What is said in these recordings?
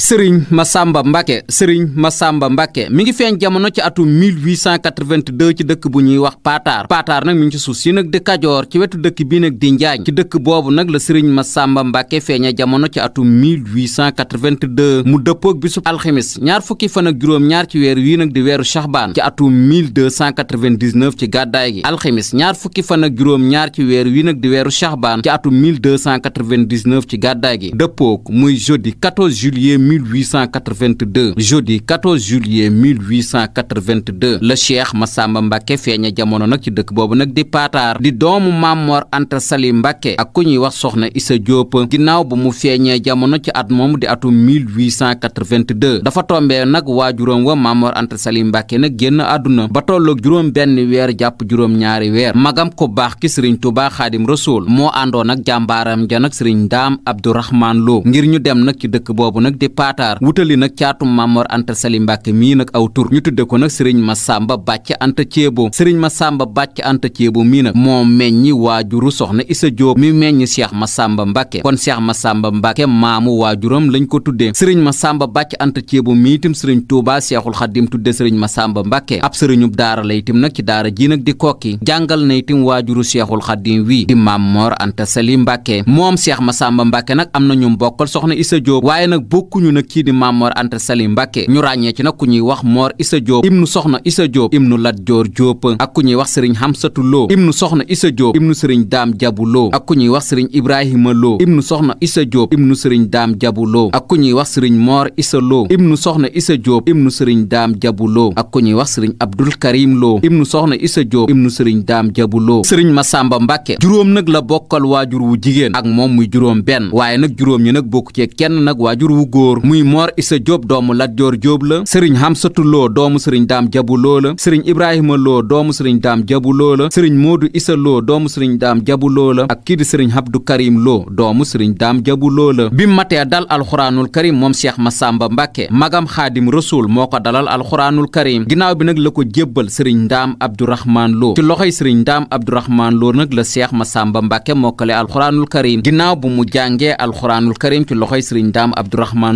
sëriñ Masamba Mbacke sëriñ Masamba Mbacke mi ngi feeñ jamono ci atum 1882 ci dëkk bu ñuy wax Pataar Pataar nag mi ngi ci suuf si nag di Kajoor ci wetu dëkk bii nag di Njaañ ci dëkk boobu nag la sëriñ Masamba Mbacke feeñee jamono ci atum 1882 mu dëppoog bisub alxemis ñaar fukki fan ak juróom-ñaar ci weer wii nag di weeru Saxbaan ci atum 1299 ci gàddaay gi alxemis ñaar fukki fan ak juróom-ñaar ci weer wii nag di weeru Saxbaan ci atum 1299 ci gàddaay gi dëppoog muy jeudi 14 juillet 1882 jeudi 14 juillet 1882 la cheikh Massamba Mbacke feeña jamono nag ci dëkk boobu nag di Patar di doomu Mamor Anta Sali Mbacke ak ku ñuy wax soxna Isa Diop ginnaaw bu mu feeñee jamono ci at moom di atum 1882 dafa tombee nag waajuram wa Mamor Anta Sali Mbacke nag génn àdduna ba tolloog juróom benn weer jàpp juróom ñaari weer magam ko baax ki sëriñ Tuubaa Xaadim Rasuul moo àndoon ak jàmbaaram ja nag sëriñ Daam Abdourahman Lo ngir ñu dem nag ci dëkk boobu nag di paataar wutali nag caatum Mamor Anta Sali Mbàkke mii nag aw tur ñu tudde ko nag sëriñ Masamba Bàcc Anta Ceebo ma Masamba Bàcc Anta Ceebo mii nag moo meññi waajuru soxna Isa Jóob mi meññi Cheikh Masamba Mbàkke kon Cheikh Masamba Mbàkke maamu waajuram lañ ko tuddee sëriñ sàmba Bàcc Anta Ceebo mii itam sëriñ Tuubaa Seexul Xaddim tudde sëriñ Masamba Mbàkke ab sëriñub daara la itam nag ci daara jii nag di kokki jàngal na itam waajuru Seexul Xaddim wii di Mamor Anta Sali Mbàkke moom Cheikh Masamba Mbàkke nag am na ñu soxna bokkuñu nag kii di Maam Mor Anta Sali Mbàkke ñu ràññee nag ku ñuy wax Mor Isa Jóob ibnu soxna Isa Jóob ibnu Lat Joor Jóob ak ku ñuy wax sëriñ Xamsatu Loo ibnu soxna Isa Jóob ibnu sëriñ Daam Jabu ak ku ñuy wax sëriñ Ibrahima Loo ibnu soxna Isa Jóob ibnu sëriñ Daam Jabu Loo ak ku ñuy wax sëriñ Mor Isa Loo ibnu soxna Isa Jóob ibnu sëriñ Daam Jabu ak ku ñuy wax sëriñ Abdul Karim Loo soxna Isa Jóob ibnu sëriñ Daam Jabu Loo sëriñ Masamba Mbàkke juróom nag la bokkal waajur wu jigéen ak moom muy juróom benn waaye nag juróom ñi nag bokku ci kenn nag waajur wu góor góor muy Mor Issa Diop doomu Lat Dior Diop la sëriñ Hamsatu Lo doomu sëriñ Daam Jabu Lo la sëriñ Ibrahima Lo doomu sëriñ Daam Jabu Lo la sëriñ Modou Issa Lo doomu sëriñ Daam Jabu Lo la ak kii di sëriñ Abdou Karim loo doomu sëriñ Daam Jabu Lo la bi matee dal alxuraanul karim moom Cheikh Massamba Mbacke magam Xaadim Rasul moo ko dalal alxuraanul karim ginnaaw bi nag la ko jébbal sëriñ Ndaam Abdourahman Lo ci loxoy sëriñ Ndaam Abdourahman Lo nag la Cheikh Massamba Mbacke mokkale alxuraanul karim ginnaaw bu mu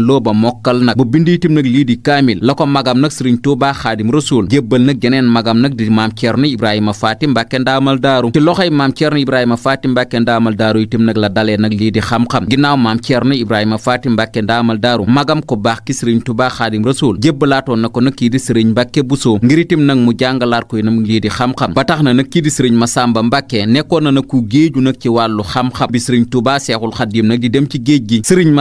delloo ba mokkal nag bu bind itam nag lii di kaamil la ko magam nag sëriñ Tuubaa xaadim rasuul jébbal nag jeneen magam nag di maam Ceerno Ibrahima Faati Mbàkke ndaamal daaru ci loxoy maam Ceerno Ibrahima Faati Mbàkke ndaamal daaru itam nag la dalee nag lii di xam-xam ginnaaw maam Ceerno Ibrahima Faati Mbàkke ndaamal daaru magam ko baax ki sëriñ Tuubaa xaadim rasuul jébbalaatoon na ko nag kii di sëriñ Mbàkke Buso ngir itam nag mu jàngalaat ko nag lii di xam-xam ba tax na nag kii di sëriñ Masamba Mbàkke nekkoon na nag ku géeju nag ci wàllu xam-xam bi sëriñ Tuubaa Seexul Xaadim nag di dem ci géej gi sëriñ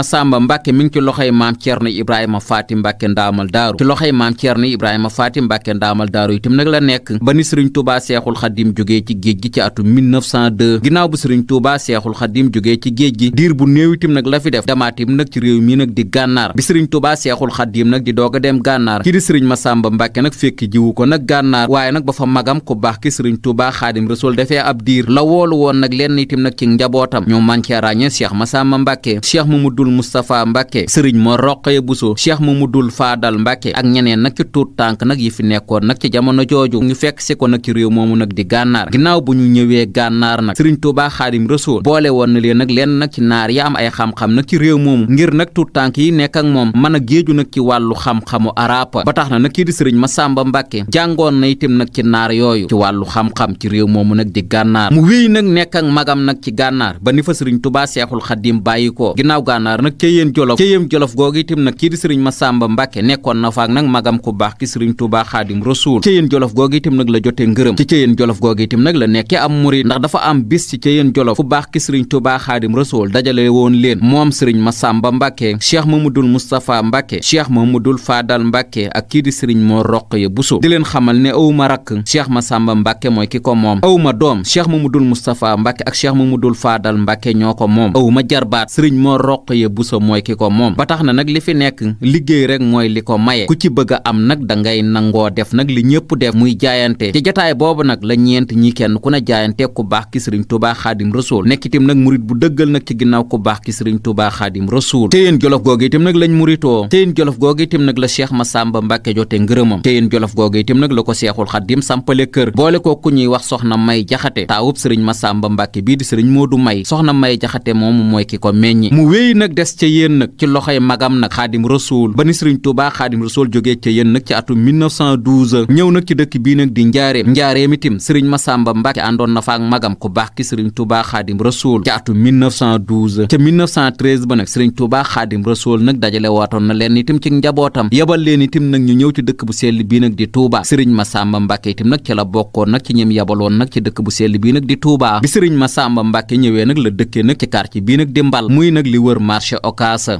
maam Thierno Ibrahima Faty Mbacke ndaamal daaru ci Ibrahima Faty Mbacke ndaamal daaru itam nag la nekk ba ni Serigne Touba Seexul Xadim jógee ci géej gi ci atum 1902 ginnaaw bu Serigne Touba Seexul Xadim jógee ci géej gi diir bu néew itam nag la fi def damaatim nag ci réew mi nag di gànnaar bi Serigne Touba Seexul Xadim nag di doog a dem gànnaar ci di Serigne Massamba Mbacke nag fekk jiwu ko nag gànnaar waaye nag ba fa magam ku baax ki Serigne Touba Xaadim Rasul defee ab diir la woolu woon nag lenn itam nag ci njabootam ñoo man cee ràññee Cheikh Massamba Mbacke Cheikh Mamadou ma roqee buso cheikh mamadul faadal mbàkke ak ñeneen nag ci tuut tànk nag yi fi nekkoon nag ci jamono jooju ñu fekk si ko nag ci réew moomu nag di gànnaar ginnaaw bu ñu ñëwee gànnaar nag sëriñ tuubaa xaadim rasuul boole woon na leen nag lenn nag ci naar yi am ay xam-xam nag ci réew moomu ngir nag tuut tànk yi nekk ak moom man a géeju nag ci wàllu xam-xamu araab ba tax na nag kii di sëriñ Masamba Mbàkke jàngoon nay itam nag ci naar yooyu ci wàllu xam ci réew moomu nag di gànnaar mu wéy nag nekk magam nag ci gànnaar ba fa sëriñ tubaa seexul xaadim bàyyi jolof googu itam nag kii di sëriñ Masamba Mbàkke nekkoon na faak nag magam ku baax ki sëriñ Tuubaa Xaadim Rasuul ci yéen jolof googu itam nag la jotee ngërëm ci yéen jolof googu itam nag la nekke am murit ndax dafa am bis ci yéen jolof ku baax ki sëriñ Tuubaa Xaadim Rasuul dajale woon leen moom sëriñ Masamba Mbàkke Cheikh Mamadul Moustapha Mbàkke Cheikh Mamadul Faadal Mbàkke ak kii di sëriñ Mor Rokhaya Bousso di leen xamal ne awma rakk Cheikh Masamba Mbàkke mooy ki ko moom awma doom Cheikh Mamadul Moustapha Mbàkke ak Cheikh Mamadul Faadal Mbàkke ñoo ko moom awma jarbaat sëriñ Mor Rokhaya Bousso mooy ki ko moom ba tax na nag li fi nekk liggéey rek mooy li ko maye ku ci bëgg a am nag da ngay nangoo def nag li ñëpp def muy jaayante ci jataay nag la ñeent ñi kenn ku ne jaayante ku baax ki sëriñ Tuubaa Xaadim Rasuul nekk itam nag murit bu dëggal nag ci ginnaaw ku baax ki sëriñ Tuubaa Xaadim Rasuul te yéen jolof googu itam nag lañ muritoo te yéen jolof googu itam nag la Cheikh Massamba Mbàkke jote ngërëmam te yéen jolof googu itam nag la ko Seexul Xaadim sampale kër boole ko ku ñuy wax soxna May Jaxate taawub sëriñ Massamba Mbàkke bii di sëriñ Moodu May soxna May Jaxate moomu mooy ki ko meññi mu wéy nag des ca yéen nag ci loxoy magam nag xaadim rasul ba ni sëriñ Tuubaa xaadim rasul jógee ca yéen nag ci atum 1912 ñëw nag ci dëkk bii nag di njaareem njaareem itim sëriñ Masamba Mbàkke àndoon na fa ak magam ku baax ki sëriñ Tuubaa xaadim rasul ci atum 1912 ca 1913 ba nag sëriñ Tuubaa xaadim rasul nag dajale waatoon na leen itim ci njabootam yebal leen itim nag ñu ñëw ci dëkk bu sell bii nag di Tuubaa sëriñ Masamba Mbàkke itim nag ci la bokkoon nag ci ñim yabaloon nag ci dëkk bu sell di Tuubaa bi sëriñ Masamba Mbàkke ñëwee nag la dëkkee nag ci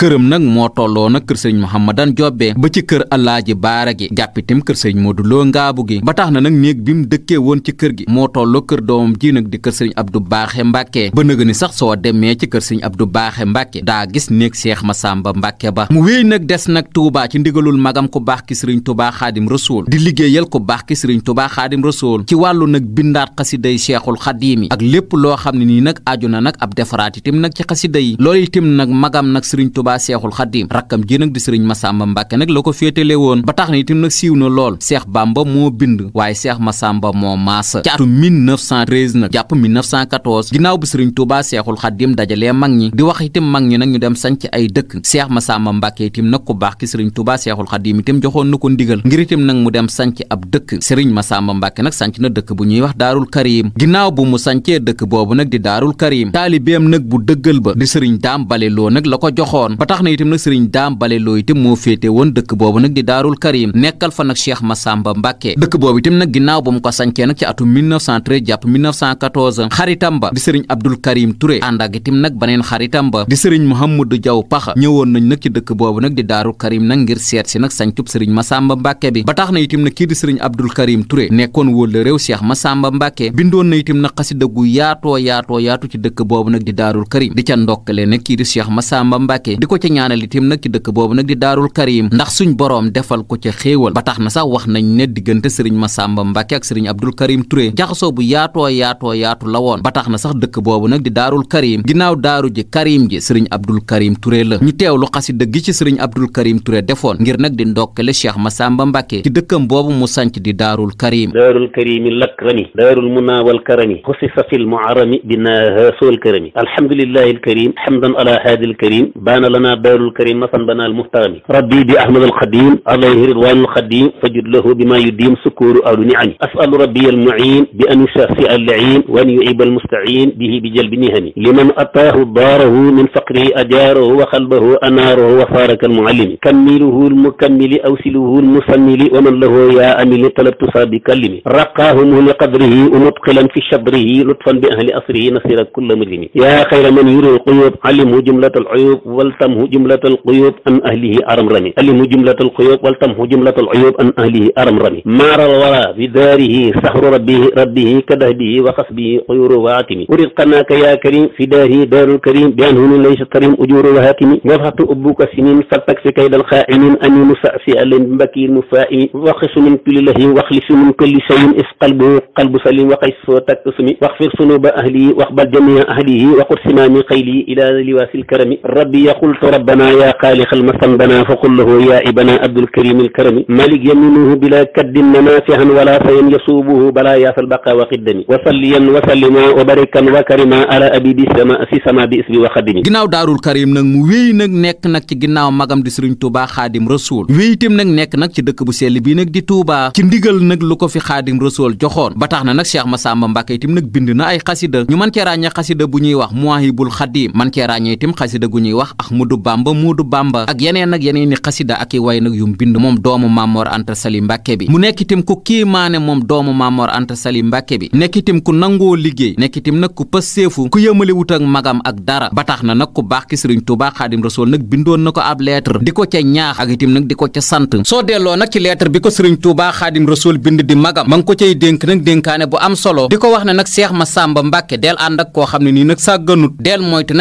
quartier bii moo tolloo na kër sëriñ Mouhamadan Jobbe ba ci kër Alaaji Baara gi jàppitim kër sëriñ Modou loo Ngaabu gi ba tax na nag néeg bi mu dëkkee woon ci kër gi moo tolloo kër doomam ji nag di kër ab du Baaxe Mbàkke ba nëga ni sax soo demee ci kër ab du Baaxe Mbàkke daa gis néeg Seex Masamba Mbàkke ba mu wéy nag des nag Tuubaa ci ndigalul magam ku baax ki sëriñ Tuubaa Xaadim Rasuul di liggéeyal ko baax ki sëriñ Tuubaa Xaadim Rasuul ci wàllu nag bindaat xasiday Seexul Xadiim yi ak lépp loo xam ne nii nag aju na nag ab defaraat itim nag ci xasida yi loolu itim nag magam nag sëriñ Tuubaa Seexul Xaadim rakkam ji nag di sëriñ Masamba Mbàkke nag la ko féetale woon ba tax na itam nag siiw na lool Seex Bamba moo bind waaye Seex Masamba moo maasa ci nag jàpp 1914 ginnaaw bi sëriñ Tuubaa Seexul Xaadim dajalee mag ñi di wax itam mag ñi nag ñu dem sanc ay dëkk Seex Masamba Mbàkke itam nag ku baax ki sëriñ Tuubaa Seexul Xaadim itam joxoon na ko ndigal ngir itam nag mu dem sanc ab dëkk sëriñ Masamba Mbàkke nag sanc na dëkk bu ñuy wax Daarul Karim ginnaaw bu mu sancee dëkk boobu nag di Daarul Karim taalibeem nag bu dëggal ba di sëriñ Daam Bale Loo nag la ko joxoon ba tax nag sëriñ daam bale loo itam moo féete woon dëkk boobu nag di daarul karim nekkal fa nag cheikh masamba mbàkke dëkk boobu itam nag ginnaaw ba mu ko sancee nag ci atum 1913 jàpp 1914 xaritam ba di sëriñ abdul karim Touré ànd ak nag baneen xaritam ba di sëriñ mouhamadou jaw paxa ñëwoon nañ nag ci dëkk boobu nag di daarul karim nag ngir seet si nag sancub sëriñ masamba mbàkke bi ba tax na itam nag kii di sëriñ abdul karim Touré nekkoon wóola réew cheikh masamba mbàkke bindoon na itam nag xasida gu yaatoo yaatu ci dëkk boobu nag di daarul karim di ca ndokkale nag kii di cheikh masamba mbàkke di ko itam nag ci dëkk boobu nag di daarul karim ndax suñ boroom defal ko ca xéewal ba tax na sax wax nañ ne diggante sëriñ Masamba Mbàkke ak sëriñ Abdul Karim Touré jaxasoo bu yaatoo yaatoo yaatu la woon ba tax na sax dëkk boobu nag di daarul karim ginnaaw daaru ji karim ji sëriñ Abdul Karim Touré la ñu teewlu xasida gi ci sëriñ Abdul Karim Touré defoon ngir nag di ndokkale Cheikh Masamba Mbàkke ci dëkkam boobu mu sanc di daarul karim daarul karimi lakrami daarul munaawal karami xusisa fil muarami binaa haasowal karami alhamdulillahi alkarim hamdan ala haadi alkarim baana lana daarul الكريم مثلا بنا المحترم ربي بأحمد القديم عليه رضوان القديم فجد له بما يديم سكور أو نعم أسأل ربي المعين بأن يشافي اللعين وأن يعيب المستعين به بجلب نهم لمن أتاه داره من فقره أجاره وقلبه أناره وفارك المعلم كمله المكمل أوسله المسمل ومن له يا أمل طلبت صابي كلمي رقاه لقدره ومتقلا في شبره لطفا بأهل أسره نصير كل مجرم يا خير من يرى القيوب علمه جملة العيوب والتمه جملة jumlatal quyub an ahlihi aram rami alimu jumlatal quyub wal tamhu jumlatal uyub an ahlihi aram rami maaral wara bi daarihi sahru rabbihi rabbihi kadahbihi wa xasbihi uyuru wa atimi urid qanaka ya karim fi daarihi daarul karim bi an hunu laysa karim ujuru wa hatimi wafatu ubbuka sinin faltak fi kaydal xaaimin ani musasi alin mbakir mufaimi waqisu min kulli lahim waxlisu min kulli shayin is qalbu qalbu salim waqay soo takk sumi waxfir sunuba ahlihi waxbal jamia ahlihi waqut simaami xayli ila liwaasil karami rabbi yaqultu rabbana يا خالق المسنبنا فقل له يا ابن عبد الكريم الكرم مالك يمينه بلا كد منافعا ولا فين يصوبه بلا يا فالبقى وقدني وصليا وسلما وبركا وكرما على ابي بسما في سما باسمي وخدمي ginnaaw daarul karim nag mu wéy nag nekk nag ci ginnaaw magam di sëriñ Tuuba xaadim rasul wéy itam nag nekk nag ci dëkk bu sell bii nag di Tuuba ci ndigal nag lu ko fi xaadim rasul joxoon ba tax na nag Cheikh Massamba Mbàkke itam nag bind na ay xasida ñu man cee ràññee bu ñuy wax Muwahibul Xaadim man cee ràññee itam xasida gu ñuy wax Ahmadu Bamba Moodu Bamba ak yeneen ak yeneen i xasida ak i way nag yu mbind moom doomu Mamor Anta Sali Mbàkke bi mu nekk ku kiimaane moom doomu Mamor Anta Mbàkke bi nekk ku nangoo liggéey nekk nag ku pës ku yëmale wut ak magam ak dara ba tax na nag ku baax ki Sëriñ Tuubaa Xaadim Rasuul nag bindoon na ko ab lettre di ko ca ñaax ak itam nag di ko ca sant soo delloo nag ci lettre bi ko Sëriñ Tuubaa Xaadim Rasuul bind di magam ma ngi ko cay dénk nag dénkaane bu am solo di ko wax ne nag Seex Masàmba Mbàkke del ànd ak koo xam ne nii nag sàgganut del moytu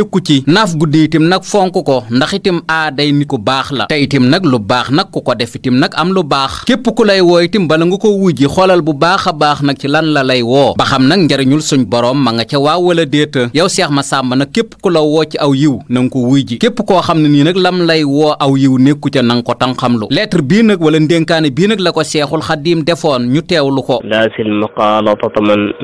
nekku ci naaf guddi itam nag fonk ko ndax itam aaday nit ku baax la te itam nag lu baax nag ku ko def itam nag am lu baax képp ku lay woo itam bala nga ko wujji xoolal bu baax a baax nag ci lan la lay woo ba xam nag njariñul suñ boroom ma nga ca waaw wala déeta yow Seex Masàmba nag képp ku la woo ci aw yiw na nga ko wujji képp koo xam ne nii nag lam lay woo aw yiw nekku ca na nga ko lu lettre bii nag wala ndénkaane bii nag la ko Seexul Xadiim defoon ñu teewlu ko laasil muqaalatata man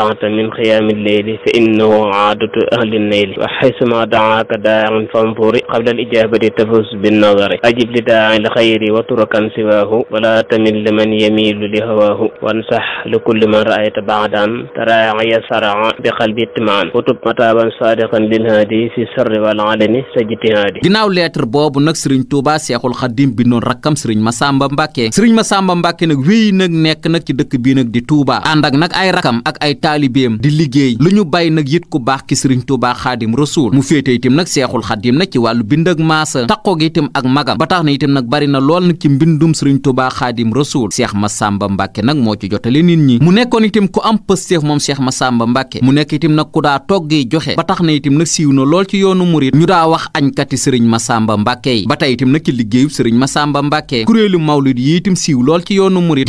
استطعت من قيام الليل فإنه عادة أهل النيل وحيثما دعاك داع فانفر قبل الإجابة تفوز بالنظر أجب لداعي الخير وتركا سواه ولا تمل لمن يميل لهواه وانصح لكل من رأيت بعدا تراعي سرعا بقلب اطمئنان وتب متابا صادقا للهادي في السر والعلن sa jittihaadi ginnaaw lettre boobu nag Serigne Touba Seexul Xadim bindoon rakkam Serigne Massamba Mbacke Serigne Massamba Mbacke nag wéy nag nekk nag ci dëkk bii nag di Touba ànd ak nag ay rakkam ak ay taalibeem di liggéey lu ñu bàyyi nag yit ku baax ki sëriñ Tuubaa xaadim rasuul mu féete itam nag seexul xaadim nag ci wàllu bind ak maasa taqoo gi ak magam ba tax na itam nag bari na lool nag ci mbindum sëriñ Tuubaa xaadim rasuul seex Masàmba Mbàkke nag moo ci jotale nit ñi mu nekkoon itam ku am pësteef moom seex Masàmba Mbàkke mu nekk itam nag ku daa toggi joxe ba tax na itam nag siiw na lool ci yoonu murit ñu daa wax añkati sëriñ Masàmba Mbàkke ba tey itam nag ci liggéeyub sëriñ Masàmba Mbàkke kuréelu mawlid yi itam siiw lool ci yoonu murit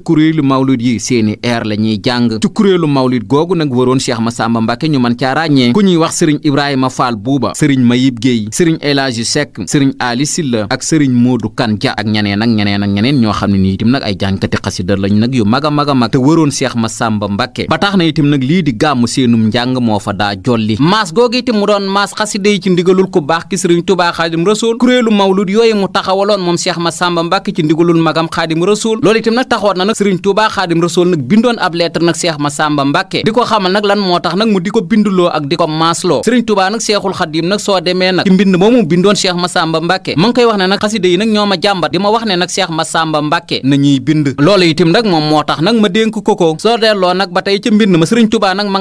ci kuréelu mawlid yi seeni air la ñuy jàng ci kuréelu mawlid googu nag waroon Cheikh Massamba Mbacke ñu man caa ràññee ku ñuy wax sëriñ Ibrahima Fall Buuba sëriñ Mayib Guèye sëriñ El Hadji Seck sëriñ Ali Silla ak sëriñ Modou Kan Ja ak ñeneen ak ñeneen ak ñeneen ñoo xam ne nii itam nag ay jàngkati xasida lañ nag yu mag a mag a mag te waroon Cheikh Massamba Mbacke ba tax na itam nag lii di gàmmu seenum njàng moo fa daa jolli maas googu itam mu doon maas xasida yi ci ndigalul ku baax ki sëriñ Tuubaa Xaadim Rasuul kuréelu mawlid yooyu mu taxawaloon moom Cheikh Massamba Mbacke ci ndigalul magam Xaadim Rasuul loolu itam nag taxoon nag Serigne Touba Xaadim Rasool nag bindoon ab lettre nag Cheikh Massamba Mbacke di ko xamal nag lan moo tax nag mu di ko binduloo ak di ko maasloo Serigne Touba nag Cheikhul Xaadim nag ma ngi wax ne nag ma jàmbat di nag na ñuy bind loolu itam nag moom moo tax nag ma dénk ba tey ca mbind ma Serigne Touba nag ma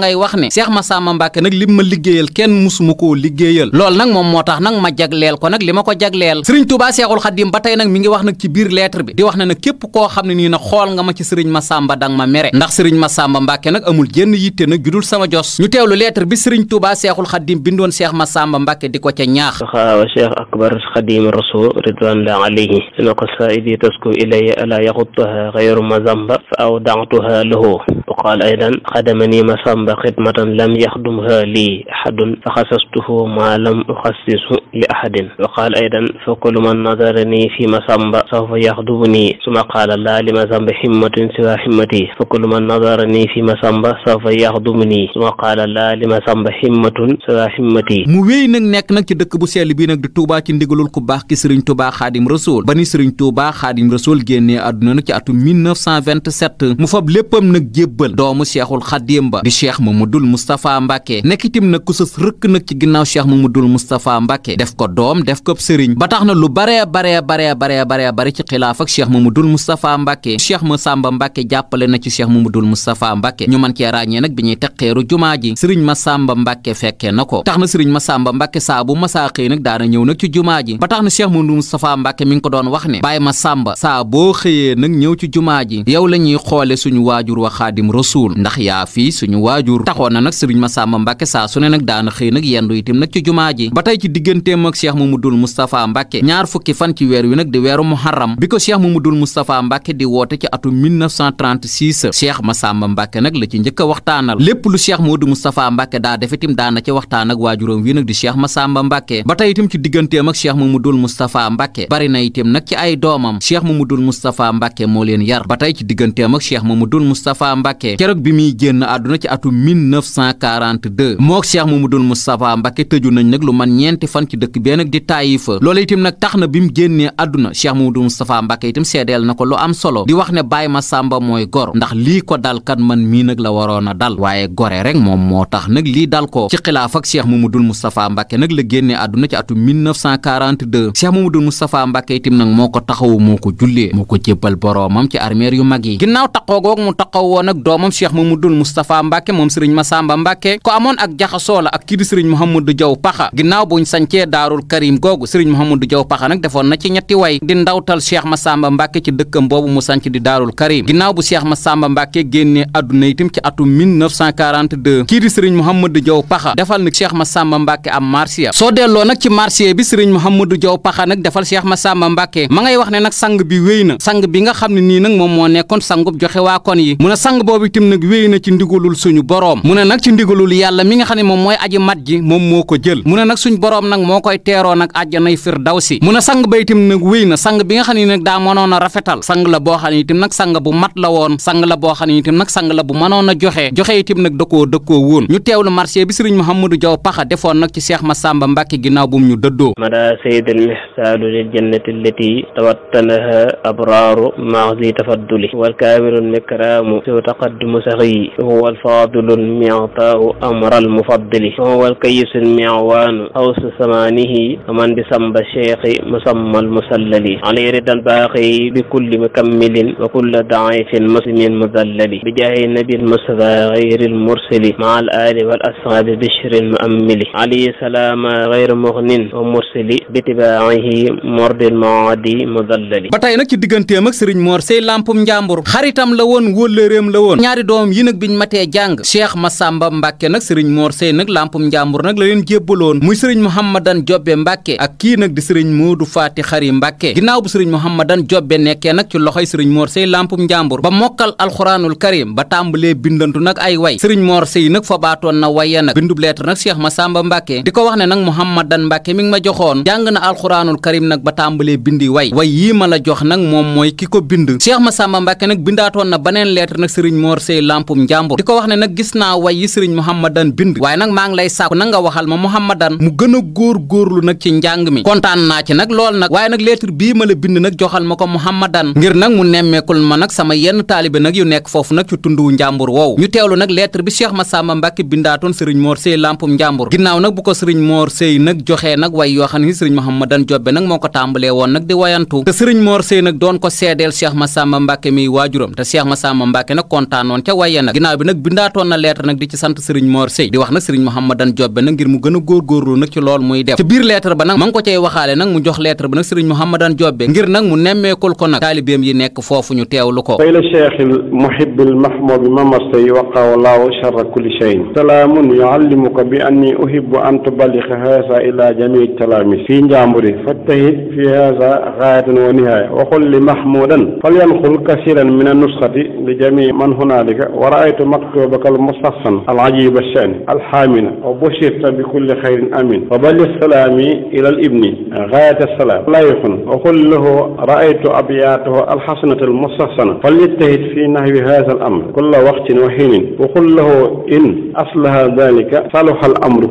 lim ma liggéeyal kenn musuma koo liggéeyal loolu nag moom moo tax nag ma jagleel ko nag li ko jagleel Serigne Touba Cheikhul Xaadim ba tey nag mi ngi wax nag ci biir lettre bi di wax ne nag képp koo xam ne nii nag xool nga ma ci sëriñ Masamba dang ma mere ndax sëriñ Masamba Mbàkke nag amul jenn yitte nag judul sama jos ñu teewlu lettre bi sëriñ Touba Seexul Xadim bindoon Seex Masamba Mbàkke di ko ca ñaax xaawa Seex Akbar Xadim Rasul ridwanullah alayhi sina qasaidi tasku ilaya ala yaxutaha xayru Masamba fa awdatuha lahu وقال أيضا خدمني مسامب خدمة لم يخدمها لي أحد فخصصته ما لم أخصصه لأحد وقال أيضا فكل من نظرني في مسامب سوف يخدمني ثم قال لا لمسامب himmatin siwa himmati fa kullu man nazarani fi masamba sawfa yaxdumuni suma qaala laa li masamba himmatun siwa himmati mu wéy nag nekk nag ci dëkk bu sell bi nag di Touba ci ndigalul ku baax ki Serigne Touba Xaadim Rasoul ba ni Serigne Touba Xaadim Rasoul génnee àdduna nag ci atum 1927 mu fab léppam nag jébbal doomu Cheikhul Xaadim ba di Cheikh Mamadul Moustapha Mbacke nekk itam nag ku sës rëkk nag ci ginnaaw Cheikh Mamadul Moustapha Mbacke def ko doom def ko Serigne ba tax na Samba Mbacke jàppale na ci Cheikh Mamadou Moustapha Mbacke ñu mën cee ràññee nag bi ñuy teqeeru jumaa ji Serigne Massamba Mbacke fekkee na ko tax na Serigne Massamba Mbacke saa bu masaa xëy nag daana ñëw nag ci jumaa ji ba tax na Cheikh Mamadou Moustapha Mbacke mi ngi ko doon wax ne Baye Massamba saa boo xëyee nag ñëw ci jumaa ji yow la ñuy xoole suñu waajur wa Xaadim Rasuul ndax yaa suñu waajur taxoon na nag Serigne Massamba Mbacke saa su ne nag daana xëy nag yendu itam nag ci jumaa ji ba tey ci digganteem ak Cheikh Mamadou Moustapha Mbacke ñaar fukki fan ci weer wi nag di weeru Muharram bi ko Cheikh Mamadou Moustapha Mbacke di woote ci atu atum 1936 cheikh Massamba Mbacke nag la ci njëkk a waxtaanal lépp lu cheikh Modou Moustapha Mbacke daa def itam daana ci waxtaan ak waajuróom wi nag di cheikh Massamba Mbacke ba tey itam ci digganteem ak cheikh Mamadou Moustapha Mbacke bari na itam nag ci ay doomam cheikh Mamadou Moustapha Mbacke moo leen yar ba tey ci digganteem ak cheikh Mamadou Moustapha Mbacke keroog bi muy génn àdduna ci atum 1942 mook cheikh Mamadou Moustapha Mbacke tëju nañ nag lu man ñeenti fan ci dëkk bee nag di taayifa loola itam nag tax na bi mu génnee àdduna cheikh Mamadou Moustapha Mbacke itam seedeel na ko lu am solo Baye Massamba mooy gor ndax lii ko dal man mii la waroon a dal waaye gore rek moom moo tax nag lii dal ko ci xilaaf ak Cheikh Mamadou Moustapha Mbacke nag la génnee àdduna ci atum 1942 Cheikh Mamadou Moustapha Mbacke itam nag moo ko taxawu moo ko jullee moo ko jébbal boroomam ci armeer yu mag yi ginnaaw taxaw googu mu taxaw woon ak doomam Cheikh Mamadou Moustapha Mbacke moom Serigne Massamba Mbacke ko amoon ak jaxasoo la ak kii di Serigne Mouhamadou Diaw Paxa ginnaaw buñ sancee daarul Karim googu Serigne Mouhamadou Diaw Paxa Daarul Karim ginnaaw bu Cheikh Massamba Mbacke génnee àdduna itam ci atum kii di Serigne Mouhamadou Diaw Paxa defal nag Cheikh Massamba Mbacke am marsiya soo delloo nag ci marsiya bi Serigne Mouhamadou Diaw Paxa nag defal Cheikh Massamba Mbacke ma ngay wax ne nag sang bi wéy na sang bi nga xam ne nii nag moom moo nekkoon sangub joxe waa kon yi mu ne sang boobu nag wéy na ci ndigalul suñu boroom mu ne nag ci ndigalul yàlla mi nga xam ne moom mooy aji mat ji moom moo k jël mu ne nag suñu boroom nag moo koy teeroo nag a nag sang bu mat la woon sang la boo xam ne itam nag sang la bu mënoon a joxe joxe itam nag da koo dëkkoo woon ñu teewlu marché bi sëriñ Mouhamadou Diaw Paxa defoon nag ci Cheikh Massamba Mbacke ginnaaw bu mu ñu dëddoo mada sayyidal mihsaadu lil jannati allati tawattanaha abraaru maxzi tafadduli wal kaamilul mikraamu su taqaddumu saxi huwa alfaadilul mi'taahu amral mufaddili huwa alkayisul mi'waanu xawsu samaanihi aman bi samba cheikhi musammal musallali alayhi ridal baaqi bi kulli mukammilin kulla daifin muslimin mudallali bijaahi nabi almustafa gayri almursali maa al aali wal asxaabi bishri almuammili alayhi salaama gayru muxnin wa mursali bitibaahi mordil maadi mudallali ba tey nag ci digganteem ak sëriñ Mor Sey Lampum Njàmbur xaritam la woon wóllëreem la woon ñaari doomam yi nag biñ matee jàng Cheikh Massamba Mbàkke nag sëriñ Mor Sey nag Lampum Njàmbur nag la leen jébbaloon muy sëriñ Mouhamadan Jobbe Mbàkke ak kii nag di sëriñ Moodu Faati Xari Mbàkke làmpum njàmbur ba mokkal alxuraanul karim ba tàmbalee bindantu nag ay way sëriñ Mor Sey nag fa baatoon na waye nag bindub lettre nag Cheikh Massamba Mbacke di ko wax ne nag Mouhamadan Mbacke mi ma joxoon jàng na alxuraanul karim nag ba tàmbalee bindi way way yii ma la jox nag moom mooy ki ko bind Cheikh Massamba Mbacke nag bindaatoon na baneen lettre nag sëriñ Mor Sey làmpum njàmbur di ko wax ne nag gis naa way yi sëriñ Mouhamadan bind waaye nag maa ngi lay sàkku na nga waxal ma Mouhamadan mu gën a góor-góorlu nag ci njàng mi kontaan naa ci nag lool nag waaye nag lettre bii ma la bind nag joxal ma ko Mouhamadan waraloon ma nag sama yenn taalibe nag yu nekk foofu nag ci tunduwu njàmbur woow ñu teewlu nag lettre bi Cheikh Massamba Mbacke bindaatoon Serigne Mor Sey lampum njàmbur ginnaaw nag bu ko Serigne Mor Sey nag joxee nag way yoo xam ne Serigne Mouhamadan Jobbe nag moo ko tàmbalee woon nag di wayantu te Serigne Mor Sey nag doon ko seedeel Cheikh Massamba Mbacke miy waajuram te Cheikh Massamba Mbacke nag kontaanoon ca waye nag ginnaaw bi nag bindaatoon na lettre nag di ci sant Serigne Mor Sey di wax nag Serigne Mouhamadan Jobbe nag ngir mu gën a góorgóorlu nag ci lool muy def ci biir lettre ba ma ngi ko cay jox lettre ba nag Serigne Mouhamadan teewlu ko fay la cheikh muhib al mahmud mamasay waqa wallahu sharra kulli shay salaamun yuallimuka bi anni uhibbu an tuballigha hadha ila jami' talamis fi njamburi fattahid fi hadha ghayatan wa nihaya wa qul li mahmudan falyanqul kasiran min an-nuskhati li jami' man hunalika wa ra'aytu maktubaka al-mustahsan al-ajib ash-sha'ni al-hamina wa bushirta bi kulli khairin amin wa balligh salami ila al-ibni ghayat as-salam layqun wa qul lahu ra'aytu abyatahu al-hasanata al-mus مستفصلا فليجتهد في نحو هذا الأمر كل وقت وحين وقل له إن أصلح ذلك صلح الأمر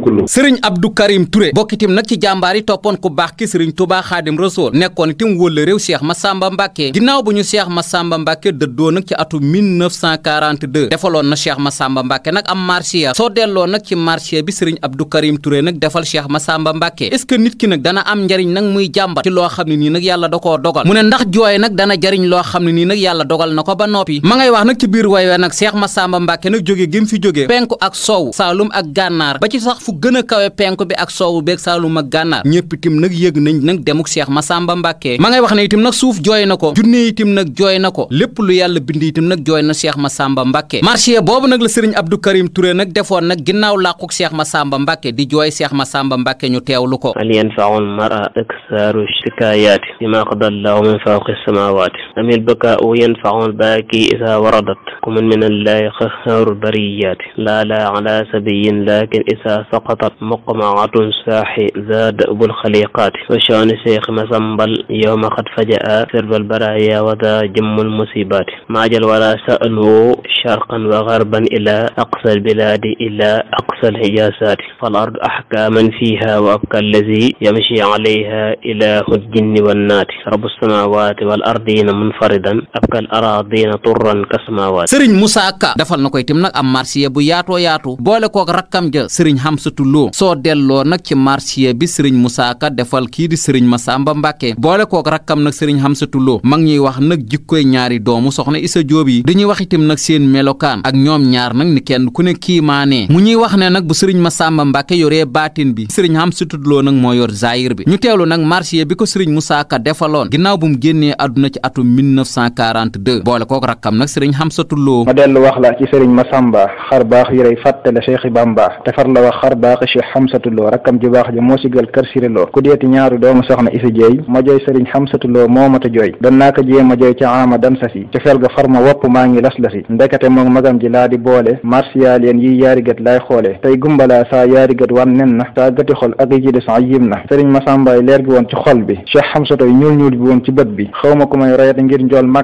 nag ci jàmbaar yi toppoon ku baax ki Serigne Touba Xaadim Rasuul nekkoon itam wólla réew Cheikh Massamba Mbacke ginnaaw bu ñu Cheikh Massamba Mbacke dëddoo nag ci atu 1942 defaloon na ma Massamba Mbacke nag am marsiya soo delloo nag ci marsiya bi Serigne Abdou Karim Touré nag defal Cheikh ma Mbacke est-ce que nit ki nag dana am njariñ nag muy jàmbat ci loo xam ne nag yàlla da koo dogal mu ne ndax jooy nag dana jariñ loo xam ne nii nag yàlla dogal na ko ba noppi ma ngay wax nag ci biir way wa nag Seex Masamba Mbàkke nag jóge gém fi jóge penku ak soow saalum ak gànnaar ba ci sax fu gën a kawe penk bi ak soowu beeg saalum ak gànnaar ñëpp itam nag yëg nañ nag demuk Seex sàmba Mbàkke ma ngay wax ne itam nag suuf jooy na ko junne itam nag jooy na ko lépp lu yàlla bind itam nag jooy na Seex sàmba Mbàkke marché boobu nag la sëriñ Abdou Karim Touré nag defoon nag ginnaaw làquk Seex Masamba Mbàkke di jooy Seex Masamba Mbàkke ñu teewlu ko hal yanfau lmara iksaaru الماء ينفع الباكي إذا وردت كمن من الله خهار البريات لا لا على سبي لكن إذا سقطت مقمعة ساحي زاد أبو الخليقات وشان شيخ مسنبل يوم قد فجأ سرب البرايا وذا جم المصيبات ما جل ولا سأله شرقا وغربا إلى أقصى البلاد إلى أقصى الحجازات فالأرض أحكاما فيها وأبكى الذي يمشي عليها إله الجن والنات رب السماوات والأرضين منفردا abkal aradina turran kasmawat sëriñ Moussa Ka dafal na ko itam nag am marsiya bu yaatoo yaatu boole kook rakkam ja sëriñ Hamsatu Lo soo delloo nag ci marsiya bi sëriñ Moussa Ka defal kii di sëriñ Masamba Mbàkke boole kook rakkam nag sëriñ Hamsatu Lo mag ñuy wax nag jikkoy ñaari doomu soxna Isa Jóob yi dañuy wax itam nag seen melokaan ak ñoom ñaar nag ni kenn ku ne kiimaanee mu ñuy wax ne nag bu sëriñ Masamba Mbàkke yoree baatin bi sëriñ Hamsatu Lo nag moo yor zaayir bi 1942 boole kook rakkam nag sëriñ Xamsatu Lo ma dellu wax la ci sëriñ Masamba xar baax yi rey fàttale Cheikh Bamba defar la wax xar baax Cheikh Xamsatu Lo rakkam ju baax ja moo si gal kër Siré Lo ku deeti ñaaru doomu soxna Isa Jeey ma jooy sëriñ Xamsatu Lo moo mata jooy doon naa ko jéem a jooy ca ama dan sa si ci fel ga far ma wopp maa ngi las lasi ndekete moom magam ji laa di boole marsiyaal yéen yi yaarigat laay xoole tey gumbalaa saa yaarigat wan nen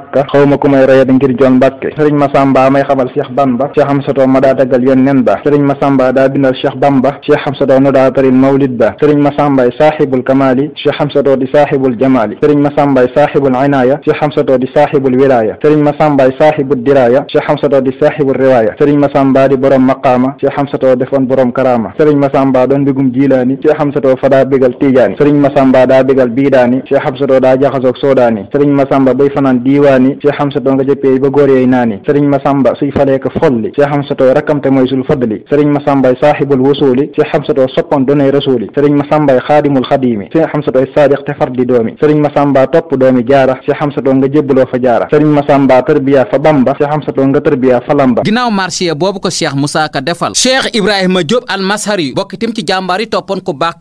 Makka xaw ma ku may rayet ngir joon Mbàkke sëriñ Masamba may xamal Cheikh Bamba Cheikh Hamsato ma daa daggal yoon nen ba sëriñ Masamba daa bindal Cheikh Bamba Cheikh Hamsato nu daa taril mawlid ba sëriñ Masambay saaxibul kamali Cheikh Hamsato di saaxibul jamali sëriñ Masambay saaxibul inaaya Cheikh Hamsato di saaxibul wilaaya sëriñ Masambay saaxibul diraaya Cheikh Hamsato di saaxibul riwaaya sëriñ Masamba di borom maqaama Cheikh Hamsato defoon borom karaama sëriñ Masamba doon bigum jiilaani Cheikh Hamsato fa daa bégal tiijaani sëriñ Masamba daa bégal biidaani Cheikh Hamsato daa jaxasoog soodaani sëriñ Masamba bay fanaan diiwaa Sani Cheikh Hamsatou nga jëppee ba góor yey naani sëriñ Masamba suy faleeka folli Cheikh Hamsatou rakkamte mooy sul fadli sëriñ Masambay saahibul wusuli Cheikh Hamsatou soppan dunay rasuli sëriñ Masambay xaadimul xadiimi Cheikh Hamsatou saadiq te far di doomi sëriñ Masamba topp doomi jaara Cheikh Hamsatou nga jébbaloo fa jaara sëriñ Masamba tërbiya fa Bamba Cheikh Hamsatou nga tërbiya fa Lamba ginnaaw marché boobu ko Cheikh Moussa Ka defal Cheikh Ibrahima Diop almashari bokk itam ci jàmbaar yi ko baax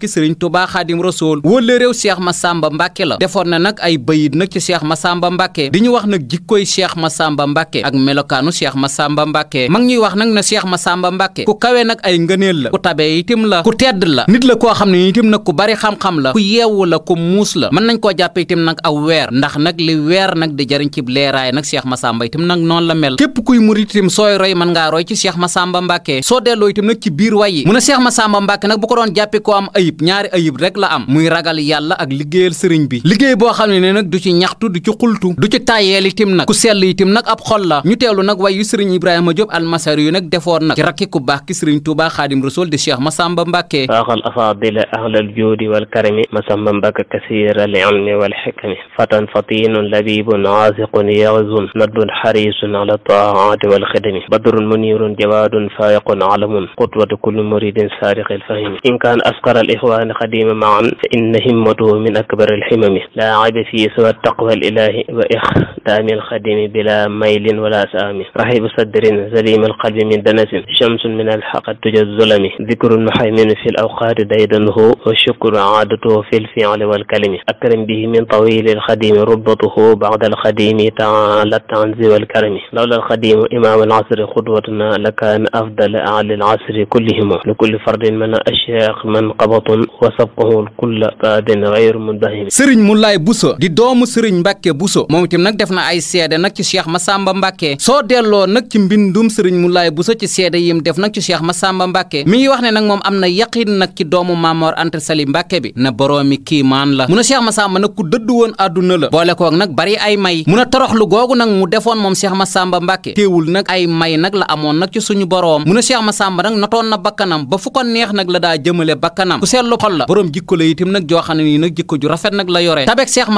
wax nag jikkooy Cheikh Massamba Mbacke ak melokaanu Cheikh Massamba Mbacke mag ñuy wax nag na Cheikh Massamba Mbacke ku kawe nag ay ngëneel la ku tabe itim la ku tedd la nit la koo xam ne itim nag ku bari xam la ku yeewu muus la mën nañ koo jàppe itim nag aw weer ndax nag li weer nag di jariñ ci leeraay nag Cheikh Massamba itim nag noonu la mel képp kuy mu itim sooy rey mën ngaa roy ci ma Massamba Mbacke soo delloo itim nag ci biir wayi mu ne ma Massamba Mbacke nag bu ko doon jàppe ko am ayib ñaari ayib rek la am muy ragal yàlla ak liggéeyal sëriñ bi liggéey boo xam ne nag du ci ñaxtu du ci seel itim nag ku sell itim nag ab xol la ñu teewlu nag wayu sëriñ Ibrahima Diop almasari yu nag defoor nag ci rakki ku baax ki sëriñ Touba Xaadim Rasul di Cheikh Massamba Mbàkke faaxal afaadila ahlal joodi wal karami Massamba Mbàkke kasiiral ilmi wal xikami fatan fatinun labibun aasiqun yaxzun nadbun xarisun ala taaati wal xidami badrun munirun jawaadun faayiqun alamun qudwatu kulli muridin saariqil fahimi in kaan asqara al ixwaani xadima maan fa inna himmatuhu min akbar al ximami laa ayba fii siwa taqwa al ilahi wa ix taami alxadimi bila maylin wala saami rahibu sadrin zalimi alqalbi min danasin shamsun min alxaqat tuja zulami dikru nuhaymin fi alawqaati daydanhu wa shukru aadatuhu fi alfiili walkalimi akram bihi min tawili alxadimi rubatuhu bada alxadimi taala tanzi walkarami lawla alxadimi imam alasri xudwatuna lakaan afdala ali alasri kullihim li kulli fardin min ashyaq man qabatun wa sabqahu kulla baadin gayru mundahimi sëriñ Moulaye Bousso di doomu sëriñ Mbàkke Bousso moom itam nag def na ay seede nag ci Cheikh Massamba Mbacke soo delloo nag ci mbindum Serigne Moulay Bousso ci seede yim def nag ci Cheikh Massamba Mbacke mi ngi wax ne nag moom am na yaqin nag ci doomu Mamor Anta Sali bi na boroomi kiimaan la mu ne Cheikh Massamba nag ku dëdd woon àdduna la boole koog nag bari ay may mu ne toroxlu googu nag mu defoon moom Cheikh Massamba Mbacke teewul nag ay may nag la amoon nag ci suñu boroom mu ne ma Massamba nag notoon na bakkanam ba fu ko neex nag la daa jëmale bakkanam la boroom jikko la itam nag joo xam ne nii nag jikko ju la yore tabeeg Cheikh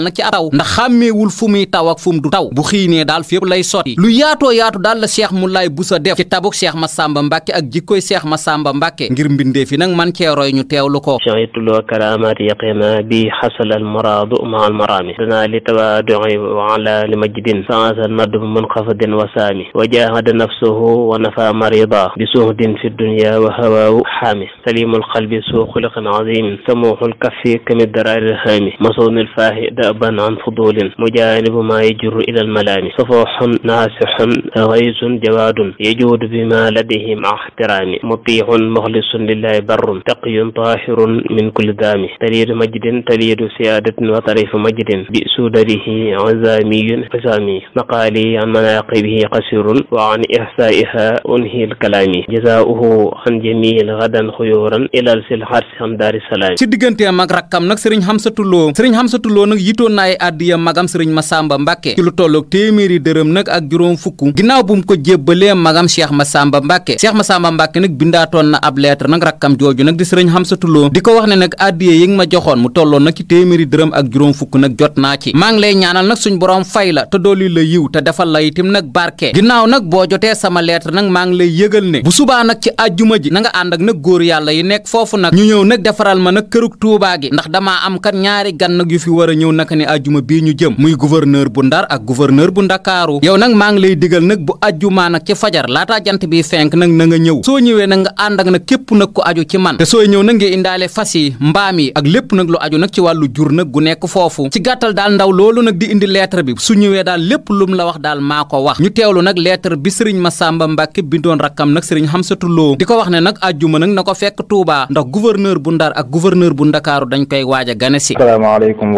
daal nag ci ab taw ndax xàmmeewul fu muy taw ak fu mu du taw bu xiinee daal fépp lay sotti lu yaatoo yaatu daal la Cheikh Moulay Bousso def ci tabuk Cheikh Massamba Mbacke ak jikkoy Cheikh Massamba Mbacke ngir mbindee fi nag man cee roy ñu teewlu ko shahidtuloo karamaati yaqima bi xasal al muraadu ma al maraami danaa li tawaadoi wa ala li majdin sansa nadbu munxafadin wa saami wa jahada nafsuhu wa nafa marida bi suhdin fi dunya wa hawaawu xaami salimul qalbi suu xuliqin azimin samuuxul kaffi kami daraari haami masoonil faahi da شابا عن فضول مجانب ما يجر إلى الملام صفوح ناصح غيث جواد يجود بما لديه مع احترام مطيع مخلص لله بر تقي طاهر من كل دام تليد مجد تليد سيادة وطريف مجد بسودره عزامي فسامي مقالي عن مناقبه قصير وعن إحسائها أنهي الكلام جزاؤه عن جميل غدا خيورا إلى السلحات عن دار السلام ci digganteem ak rakkam nag Serigne Hamsatou Lo Serigne Hamsatou Lo nag yëkkatoon na ay àddiya magam sëriñ Masamba Mbàkke ci lu tolloog téeméeri dërëm nag ak juróom fukk ginnaaw bu mu ko jébbalee magam Cheikh Masamba Mbàkke Cheikh Masamba Mbàkke nag bindaatoon na ab lettre nag rakkam jooju nag ne nag àddiya ma joxoon mu tolloon nag ci téeméeri dërëm ak juróom fukk nag jot naa ci maa ngi lay ñaanal nag suñ borom fay la te dooli la yiw te defal la itim nag barke ginnaaw nag boo jotee sama lettre nag maa ngi lay yëgal ne bu subaa nag ci àjjuma ji na nga ànd ak nag góor yàlla yi nekk foofu nag ñu ñëw nag defaral ma nag kërug Tuubaa gi ndax damaa am kat ñaari a ne ajjuma bii ñu jëm muy gouverneur bu ndar ak gouverneur bu ndakaaru yow nag maa ngi lay digal nag bu ajjumaa nag ci fajar laataa jant bi fenk nag na nga ñëw soo ñëwee nag nga nag képp nag ku aju ci man te sooy ñëw nag nga fas yi mbaam yi ak lépp nag lu aju nag ci wàllu jur nag gu nekk foofu ci gàttal daal ndaw loolu nag di indi lettre bi su ñëwee daal lépp lum la wax daal maa ko wax ñu teewlu nag lettre bi sëriñ Masamba Mbàkke bindoon rakkam nag sëriñ Xamsatu Lo di ko wax ne nag ajjuma nag na ko fekk Tuubaa ndax gouverneur bu ndar ak gouverneur bu ndakaaru dañ koy waaja a gane si asalaamaaleykum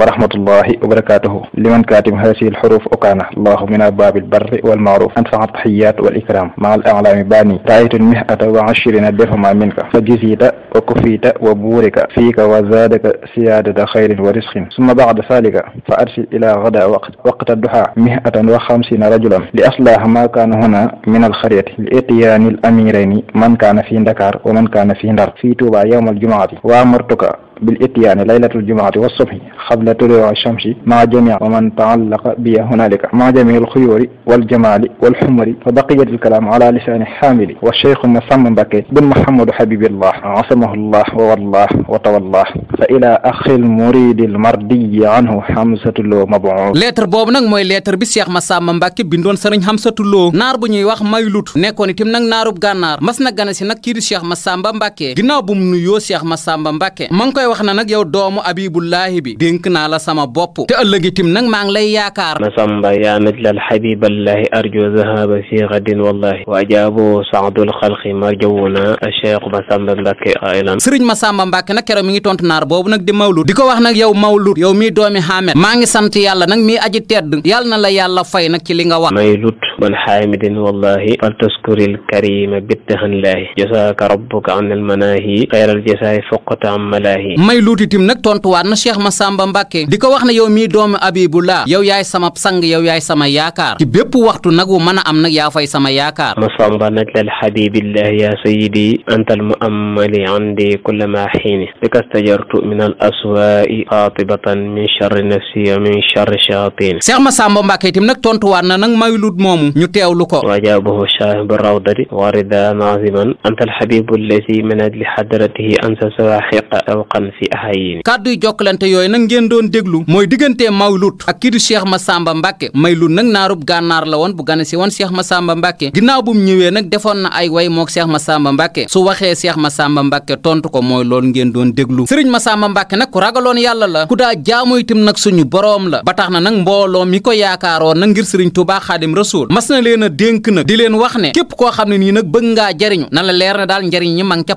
الله وبركاته لمن كاتم هذه الحروف أكانة الله من باب البر والمعروف أنفع التحيات والإكرام مع الأعلام باني رأيت المئة وعشرين درهما منك فجزيت وكفيت وبورك فيك وزادك سيادة خير ورزق ثم بعد ذلك فأرسل إلى غدا وقت وقت الضحى مئة وخمسين رجلا لأصلاح ما كان هنا من الخرية لإتيان الأميرين من كان في دكار ومن كان في ندر في توبة يوم الجمعة وأمرتك بالإتيان ليلة الجمعة والصبح قبل طلوع الشمس مع جميع ومن تعلق بها هنالك مع جميع الخيور والجمال والحمر فبقية الكلام على لسان حامل والشيخ مسمى بكي بن محمد حبيب الله عصمه الله ووالله وتوالله فإلى أخ المريد المردي عنه حمزة loo mabon lettre boobu nag mooy lettre bi Cheikh Massamba Mbacke bindoon sëriñ Hamsatu Lo naar bu ñuy wax maylut nekkoon itam nag naarub gànnaar mas na gane si nag kii di Cheikh Massamba Mbacke ginnaaw bu mu nuyoo Cheikh Massamba Mbacke wax na nag yow doomu abibullahi bi dénk naa la sama bopp te ëllëgitim nag maa ngi lay yaakaar masamba yaa mitlal habiballahi arjo zahaba fi gadin wallahi wa ajaabo saadul xalqi marjawuna cheikh masamba mbàkke ailan sëriñ masamba mbàkke nag kero mi ngi tontu naar boobu nag di mawlud di ko wax nag yow mawlud yow mi doomi xaamet maa ngi sant yàlla nag mi aji tedd yàlla na la yàlla fay nag ci li nga wax may lut man xaamidin wallahi fal taskuril karima bittahan laahi jasaaka rabbuka an almanaahi xayral jasaay foqata am malaahi may luuti tim nag tontuwaat na Cheikh Massamba Mbacke di ko wax na yow mii doomu Abibullah yow yaay sama sang yow yaay sama yaakaar ci bépp waxtu nag wu mën am nag yaa fay sama yaakaar Massamba naj lal habibillah ya sayyidi anta al muammali andi kullama xiini bika stajartu min al aswaai xaatibatan min charri nafsi wa min charri shayatin Cheikh Massamba Mbacke itam nag tontuwaat na nag may luut moomu ñu teewlu ko wajabahu shaahibu rawdati warida naziman anta al habibu allazi min ajli hadratihi ansa sawaxiqa am si ahayini kàdduy jokkalante yooyu nag ngeen doon déglu mooy diggante Mawlut ak kii di Cheikh Massamba Mbacke Maylut nag naarub gànnaar la woon bu gane si woon Cheikh Massamba Mbacke ginnaaw bu mu ñëwee nag defoon na ay way moog Cheikh Massamba Mbacke su waxee ma Massamba Mbacke tontu ko mooy lool ngeen doon déglu Serigne Massamba Mbacke nag ku ragaloon yàlla la ku daa jaamu itam nag suñu boroom la ba tax na nag mbooloo mi ko yaakaaroon nag ngir Serigne Touba Xaadim Rasul mas na leen a dénk nag di leen wax ne koo xam ne nii nag bëgg ngaa jariñu na la leer daal njariñ ñi mang ca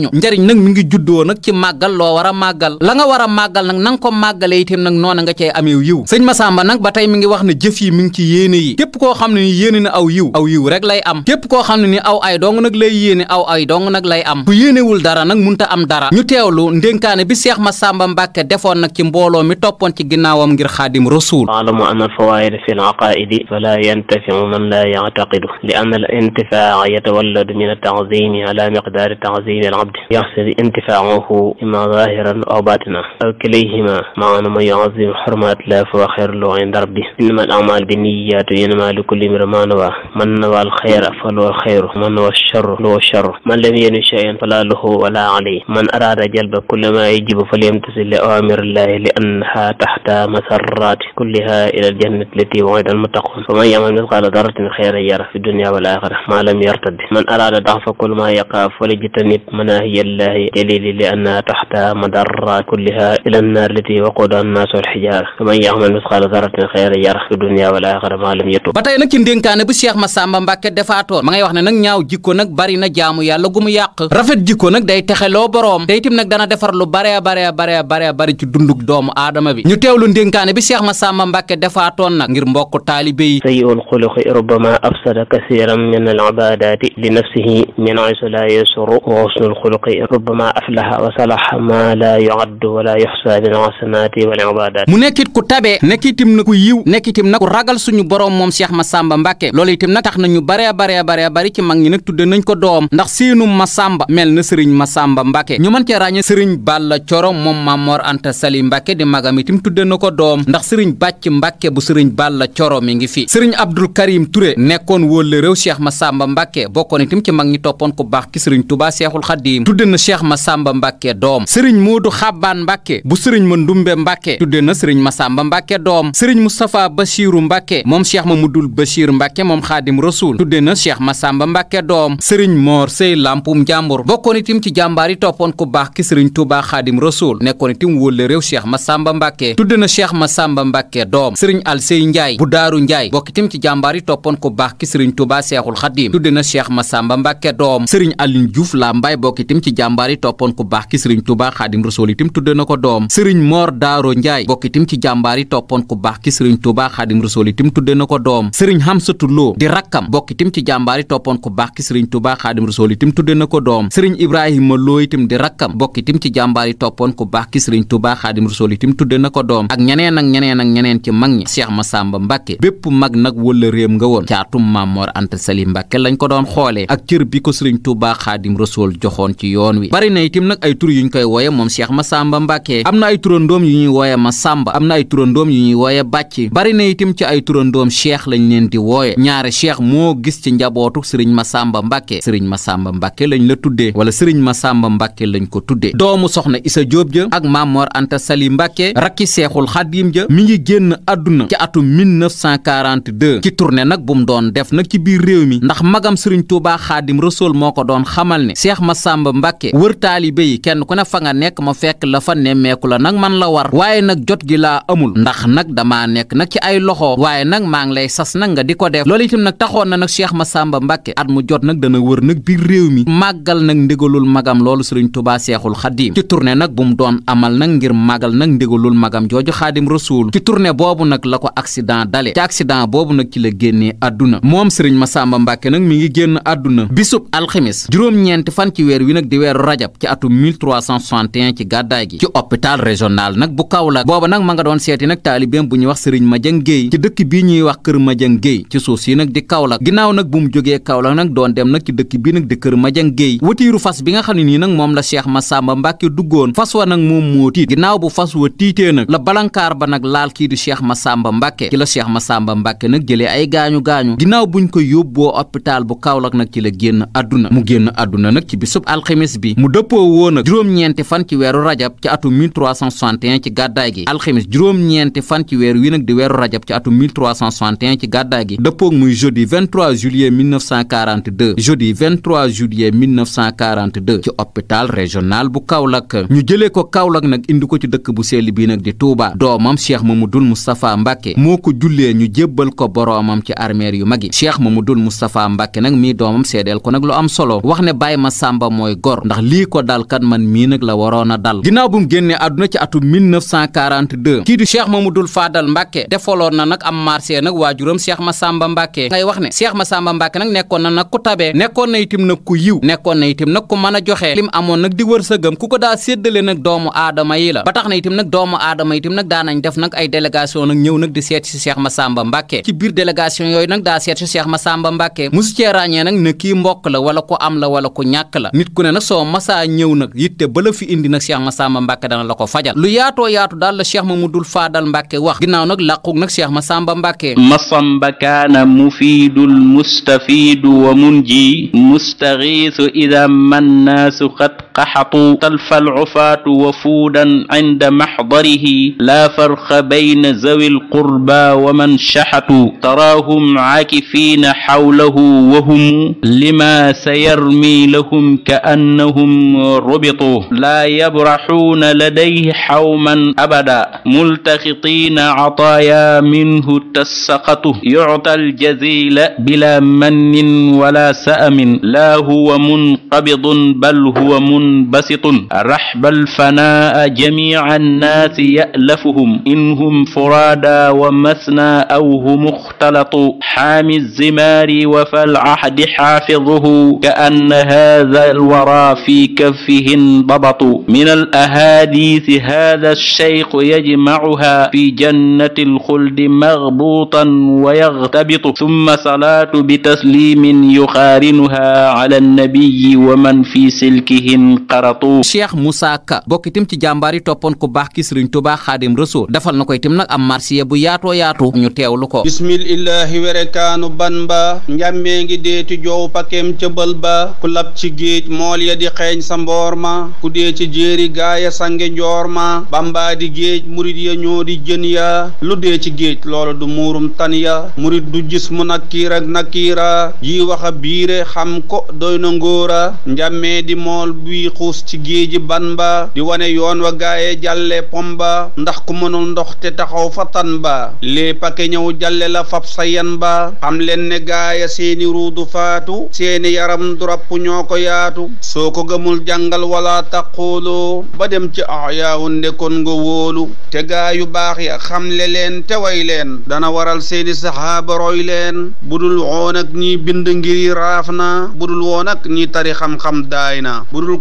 njariñu njariñ nag mi ngi juddoo nag ci màggal loo war a màggal la nga war a màggal nag na ko màggalee itam nag noona nga cey ameew yiw sëñ Masamba nag ba tey mi ngi wax ne jëf yi mi ngi ci yéene yi képp koo xam ne ni yéene na aw yiw aw yiw rek lay am képp koo xam ne ni aw ay dong nag lay yéene aw ay dong nag lay am ku yéenewul dara nag munta am dara ñu teewlu ndénkaane bi Seex ma Masamba Mbàkke defoon nag ci mbooloo mi toppoon ci ginnaawam ngir xaadim rasul alamu an alfawaid fi alaqaidi fala yantafiu man la yactaqidu li anna al intifaa yatawalladu min altazimi ala miqdaari tazimi العبد يقصد انتفاعه إما ظاهرا أو باطنا أو كليهما مع ما يعظم حرمات الله فهو خير له عند ربه إنما الأعمال بالنيات وإنما لكل امرئ ما نوى من نوى الخير فله الخير ومن نوى الشر له الشر من لم ينوي شيئا فلا له ولا عليه من أراد جلب كل ما يجب فليمتثل لأوامر الله لأنها تحت مسرات كلها إلى الجنة التي وعد المتقون فمن يعمل مثقال ذرة خيرا يره في الدنيا والآخرة ما لم يرتد من أراد ضعف كل ما يقع فليجتنب مناسك hiya llaahi jalili li annaha taxta madarra kulliha ila annaar lati waquuduha annaasu walxijaara faman yaxmal misqaala daratin xayran yarah fi dunya wal axira ma lam yatub ba tey nag ci ndénkaane bu Cheikh Massamba Mbacke defaatoon ma ngay wax ne nag ñaaw jikko nag bari na jaamu yàlla gu mu yàq rafet jikko nag day texeloo boroom day itam nag dana defar lu bare bare bare bare bare ci dunduk doomu aadama bi ñu teewlu ndénkaane bi Cheikh Massamba Mbacke defaatoon nag ngir mbokk taalibe yi sayyul xuluqi rubbama afsada kasiran min al ibaadati li nafsihi min aysu la yusru wa husnul xuluqi rubbama wa salaha ma la yuaddu wala yuxsa min xasanaati wal ibadat mu nekkit ku tabee nekk na ku yiw nekk itam na ku ragal suñu borom moom ma Massamba Mbacke loolu itam na tax nañu baree baree bare bari ci mag ñi nag tudde nañ ko doom ndax ma Massamba mel na sëriñ ma Massamba Mbacke ñu man cee ràññe sëriñ Balla Coro moom Mamor Anta Sali Mbacke di magam itam tudde na ko doom ndax sëriñ Bàcc Mbacke bu sëriñ Balla Coro mi ngi fi sëriñ Abdul Karim Touré nekkoon wólle réew Cheikh Massamba Mbacke bokkoon itam ci mag ñi toppoon ku Xaadim tudde na Cheikh Massamba Mbacke doom sëriñ Moodu Xabbaan Mbacke bu sëriñ Mandumbe Mbacke tudde na sëriñ Massamba Mbacke doom sëriñ Moustapha Bachiru Mbacke moom Cheikh Mamadul Bachir Mbacke moom Xaadim Rasul tudde na Cheikh Massamba Mbacke doom sëriñ Mor Sey Lampum Njàmbur bokkoon itim ci jàmbaar yi toppoon ku baax ki sëriñ Touba Xaadim Rasul nekkoon itim wólle réew ma Massamba Mbacke tudde na ma Massamba Mbacke doom sëriñ Alsey Njaay bu Daaru Njaay bokk itim ci jàmbaar yi toppoon ko baax ki sëriñ Touba Seexul Xaadim tudde na Cheikh Massamba Mbacke doom sëriñ Aline Diouf la Mbaay bokk itam ci jàmbaar yi toppoon ku baax ki sëriñ Tuubaa Xaadim Rasuul itam tudde na ko doom sëriñ Mor Daaro Njaay bokk ci jàmbaar yi toppoon ku baax ki sëriñ Tuubaa Xaadim Rasuul itam tudde na ko doom sëriñ Xamsatu loo di rakkam bokk itam ci jàmbaar yi toppoon ku baax ki sëriñ Tuubaa Xaadim Rasuul itam tudde na ko doom sëriñ Ibrahima loo itam di rakkam bokk itam ci jàmbaar yi toppoon ku baax ki sëriñ Tuubaa Xaadim Rasuul itam tudde na ko doom ak ñeneen ak ñeneen ak ñeneen ci mag ñi Cheikh Massamba Mbàkke bépp mag nag wala réem nga woon caatum Maam Mor Anta Sali Mbàkke lañ ko doon xoolee ak cër bi ko sëriñ Tuubaa Xaadim Rasuul joxoon ci yoon wi bari na itim nag ay tur yuñ koy wooye moom Cheikh Massamba Mbacke am na ay turandoom yu ñuy wooye Massamba am na ay turandoom yu ñuy wooye Bàcc bari na itim ci ay ndoom Cheikh lañ leen di wooye ñaari Cheikh moo gis ci njabootu Serigne Massamba Mbacke ma Massamba Mbacke lañ la tuddee wala ma sàmba Mbacke lañ ko tuddee doomu soxna Issa Diop ja ak Mamor Anta Sali Mbacke rakki Seexul Xadim ja mi ngi génn àdduna ci atum 1942 ci tournée nag bu mu doon def nag ci biir réew mi ndax magam Serigne Touba Bamba Mbàkke wër taalibe yi kenn ku ne fa nga nekk ma fekk la fa nemmeeku la nag man la war waaye nag jot gi laa amul ndax nag damaa nekk nag ci ay loxo waaye nag maa ngi lay sas nag nga di ko def loolu itam nag taxoon na nag ma sàmba Mbàkke at mu jot nag dana wër nag bi réew mi màggal nag ndigalul magam loolu Sëriñ Tuubaa Seexul Xadiim ci tournée nag bu mu doon amal nag ngir màggal nag ndigalul magam jooju Xaadim Rasuul ci tournée boobu nag la ko accident dale ci accident boobu nag ci la génnee àdduna moom Sëriñ Massamba Mbàkke nag mi ngi génn àdduna bisub wi nag di weeru rajab ci atum 1361 ci gàddaay gi ci hôpital régional nag bu Kaolack booba nag ma nga doon seeti nag taalibeem bu ñuy wax sëriñ Madiang Guèye ci dëkk bii ñuy wax kër Madiang Guèye ci suuf si nag di Kaolack ginnaaw nag bu mu jógee Kaolack nag doon dem nag ci dëkk bi nag di kër Madiang Guèye watiiru fas bi nga xam ne nii nag moom la Cheikh Massamba Mbacke duggoon fas wa nag moom moo tiit ginnaaw bu fas wa tiitee nag la balankaar ba nag laal kii di Cheikh Massamba la Cheikh Massamba Mbacke nag jëlee ay gaañu-gaañu ginnaaw buñ ko yóbboo hôpital bu Kaolack nag ci la génn àdduna mu génn àdduna alxemes bi mu dëppoo woon ak juróom-ñeenti fan ci weeru rajab ci atum 1361 ci gàddaay gi alxemes juróom-ñeenti fan ci weer wi nag di weeru rajab ci atum 1361 ci gàddaay gi dëppoog muy jeudi 23 juillet 1942 jeudi 23 juillet 1942 ci hôpital régional bu Kaolack ñu jëlee ko Kaolack nag indi ko ci dëkk bu sell bii nag di Touba doomam ma Cheikh Mamadou Moustapha Mbacke moo ko jullee ñu jébbal ko boroomam ci armeer yu mag yi Cheikh Mamadou Moustapha Mbacke nag mii doomam seedeel ko nag lu am solo wax ne Baye Massamba mooy mooy gor ndax lii ko dal kat man mii nag la waroon a dal ginnaaw bu mu génnee àdduna ci atum 1942 kii di cheikh mamadul faadal mbàkke defaloon na nag am marché nag waajuram cheikh masamba mbàkke mbàkke nag nekkoon na nag ku tabee nekkoon na itim nag ku yiw nekkoon na itim nag ku mën a joxe lim amoon nag di wërsëgam ku ko daa séddale nag doomu aadama la ba tax na itim nag doomu aadama itim nag daanañ def nag ay délégation nag ñëw nag di seet si cheikh masamba ku ne soo masaa ñëw nag yitte ba la fi indi nag Cheikh Massamba Mbacke dana la ko fajal lu yaatoo yaatu daal ma mu dul Fadal Mbacke wax ginnaaw nag làqug nag Cheikh Massamba Mbacke Massamba kaana mufiidul mustafiidu wa mu munji mustaxiisu ida mannaasu xat qaxatu talfa alcufaatu wafuudan cinda maxdarihi laa farqa bayna zawi alqurba wa man shaxatu taraahum caakifiina xawlahu wahum lima sayarmi lahum kaannahum rubitu laa yabraxuuna ladayhi xawman abada multaxitiina cataaya minhu tassaqatu yucta aljazila bila mannin wala sa'amin laa huwa munqabidun bal huwa mun منبسط رحب الفناء جميع الناس يألفهم إنهم فرادى ومثنى أو هم اختلط حامي الزمار وفالعهد حافظه كأن هذا الورى في كفه انضبط من الأحاديث هذا الشيخ يجمعها في جنة الخلد مغبوطا ويغتبط ثم صلاة بتسليم يقارنها على النبي ومن في سلكهم inqaratu cheikh moussa ka bokk itam ci jàmbaar yi toppoon ku baax ki sëriñ tubaa xaadim rasul dafal na ko itam nag am marsiya bu yaatoo yaatu ñu teewlu ko bismillahi werekaanu ban ba njàmmee ngi deeti joow pakem cëbal ba ku lab ci géej mool ya di xeeñ sa mboor ma ku dee ci jéeri a sange njoor ma bambaa di géej murit ya ñoo di jën ya lu dee ci géej loola du muurum tan ya murit du gis mu nakkiir ak nakkiira yi waxa biire xam ko doy na ngóora njàmmee di yi xuus ci géeji ban ba di wane yoon wa gaaye jàlle pom ba ndax ku mënul ndox te taxaw fa tan ba lee pake ñëw jàlle la fab sa yan ba xam leen ne gaaya seeni ruudu faatu seeni yaram durapp ñoo ko yaatu soo ko gëmul jàngal wala taqooloo ba dem ci axyaawu ndekoon nga wóolu te gaa yu baax ya xamle leen te way leen dana waral seeni saxaaba roy leen budul woon ak ñiy bind ngiri raaf na budul woon ak ñi tari xam-xam daay